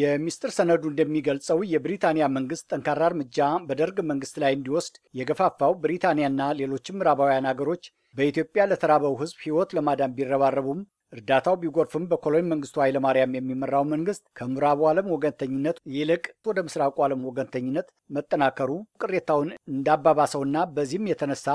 የሚስጥር ሰነዱ እንደሚገልጸው የብሪታንያ መንግስት ጠንካራ እርምጃ በደርግ መንግስት ላይ እንዲወስድ የገፋፋው ብሪታንያና ሌሎችም ምዕራባውያን አገሮች በኢትዮጵያ ለተራበው ህዝብ ህይወት ለማዳን ቢረባረቡም እርዳታው ቢጎርፍም በኮሎኝ መንግስቱ ኃይለማርያም የሚመራው መንግስት ከምዕራቡ ዓለም ወገንተኝነት ይልቅ ወደ ምስራቁ ዓለም ወገንተኝነት መጠናከሩ ቅሬታውን እንዳባባሰውና በዚህም የተነሳ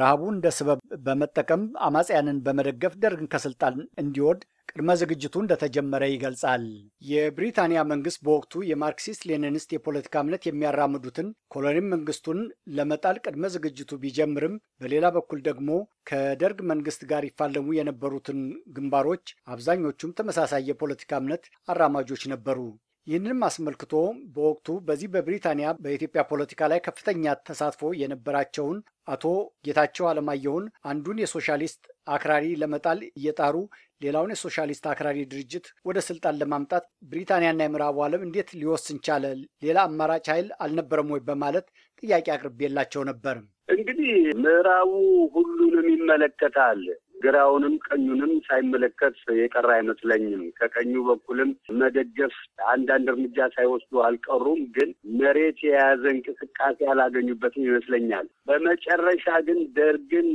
ረሃቡን እንደ ስበብ በመጠቀም አማጽያንን በመደገፍ ደርግን ከስልጣን እንዲወርድ ቅድመ ዝግጅቱ እንደተጀመረ ይገልጻል። የብሪታንያ መንግስት በወቅቱ የማርክሲስት ሌኒኒስት የፖለቲካ እምነት የሚያራምዱትን ኮሎኒ መንግስቱን ለመጣል ቅድመ ዝግጅቱ ቢጀምርም፣ በሌላ በኩል ደግሞ ከደርግ መንግስት ጋር ይፋለሙ የነበሩትን ግንባሮች አብዛኞቹም ተመሳሳይ የፖለቲካ እምነት አራማጆች ነበሩ። ይህንንም አስመልክቶ በወቅቱ በዚህ በብሪታንያ በኢትዮጵያ ፖለቲካ ላይ ከፍተኛ ተሳትፎ የነበራቸውን አቶ ጌታቸው አለማየሁን አንዱን የሶሻሊስት አክራሪ ለመጣል እየጣሩ ሌላውን የሶሻሊስት አክራሪ ድርጅት ወደ ስልጣን ለማምጣት ብሪታንያና የምዕራቡ ዓለም እንዴት ሊወስን ቻለ? ሌላ አማራጭ ኃይል አልነበረም ወይ? በማለት ጥያቄ አቅርቤላቸው ነበርም እንግዲህ ምዕራቡ ሁሉንም ይመለከታል። ግራውንም ቀኙንም ሳይመለከት የቀረ አይመስለኝም። ከቀኙ በኩልም መደገፍ አንዳንድ እርምጃ ሳይወስዱ አልቀሩም፣ ግን መሬት የያዘ እንቅስቃሴ አላገኙበትም ይመስለኛል። በመጨረሻ ግን ደርግን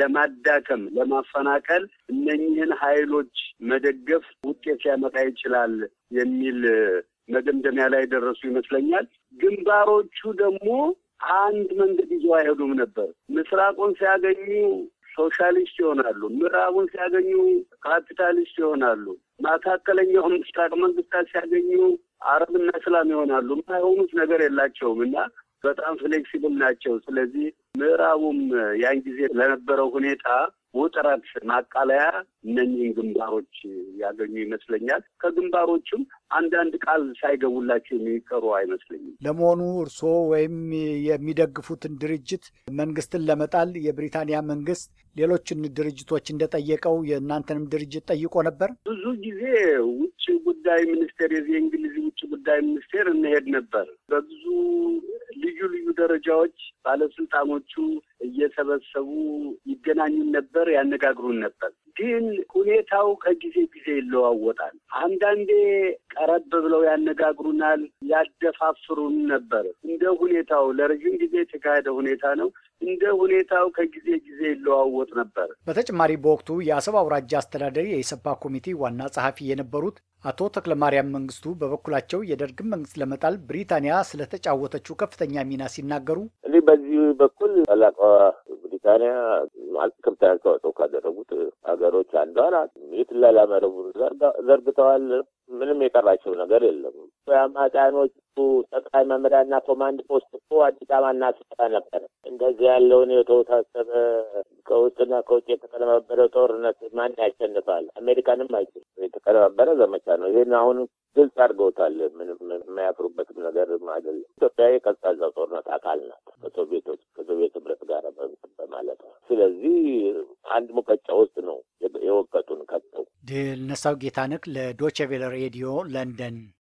ለማዳከም ለማፈናቀል እነኝህን ኃይሎች መደገፍ ውጤት ሊያመጣ ይችላል የሚል መደምደሚያ ላይ ደረሱ ይመስለኛል። ግንባሮቹ ደግሞ አንድ መንገድ ይዘው አይሄዱም ነበር። ምስራቁን ሲያገኙ ሶሻሊስት ይሆናሉ። ምዕራቡን ሲያገኙ ካፒታሊስት ይሆናሉ። መካከለኛው ምስራቅ መንግስታት ሲያገኙ አረብና እስላም ይሆናሉ። የማይሆኑት ነገር የላቸውም እና በጣም ፍሌክሲብል ናቸው። ስለዚህ ምዕራቡም ያን ጊዜ ለነበረው ሁኔታ ውጥረት ማቃለያ እነኚህን ግንባሮች ያገኙ ይመስለኛል። ከግንባሮቹም አንዳንድ ቃል ሳይገቡላቸው የሚቀሩ አይመስለኝም። ለመሆኑ እርስዎ ወይም የሚደግፉትን ድርጅት መንግስትን ለመጣል የብሪታንያ መንግስት ሌሎችን ድርጅቶች እንደጠየቀው የእናንተንም ድርጅት ጠይቆ ነበር? ብዙ ጊዜ ውጭ ጉዳይ ሚኒስቴር የዚህ የእንግሊዝ ውጭ ጉዳይ ሚኒስቴር እንሄድ ነበር። በብዙ ልዩ ልዩ ደረጃዎች ባለስልጣኖቹ እየሰበሰቡ ይገናኙን ነበር፣ ያነጋግሩን ነበር። ግን ሁኔታው ከጊዜ ጊዜ ይለዋወጣል። አንዳንዴ ቀረብ ብለው ያነጋግሩናል፣ ያደፋፍሩን ነበር። እንደ ሁኔታው ለረዥም ጊዜ የተካሄደ ሁኔታ ነው። እንደ ሁኔታው ከጊዜ ጊዜ ይለዋወጥ ነበር። በተጨማሪ በወቅቱ የአሰብ አውራጃ አስተዳደር የኢሰፓ ኮሚቴ ዋና ጸሐፊ የነበሩት አቶ ተክለማርያም መንግስቱ በበኩላቸው የደርግን መንግስት ለመጣል ብሪታንያ ስለተጫወተችው ከፍተኛ ሚና ሲናገሩ በዚህ በኩል ታላቋ ብሪታንያ ክብት አስተዋጽኦ ካደረጉት ሀገሮች አንዷ ናት። የትላላ መረቡን ዘርግተዋል። ምንም የቀራቸው ነገር የለም። አማጽያኖቹ ጠቅላይ መምሪያና ኮማንድ ፖስት እኮ አዲስ አበባና ስፍራ ነበር። እንደዚህ ያለውን የተወሳሰበ ከውጭና ከውጭ የተቀነባበረ ጦርነት ማን ያሸንፋል? አሜሪካንም አይችል የተቀነባበረ ዘመቻ ነው። ይህን አሁን ግልጽ አድርገውታል። ምንም የሚያፍሩበትም ነገር አይደለም። ኢትዮጵያ የቀዝቃዛው ጦርነት አካል አንድ ሙቀጫ ውስጥ ነው የወቀጡን። ከብተው ድል ነሳው ጌታነህ ለዶቼ ቬለ ሬዲዮ ለንደን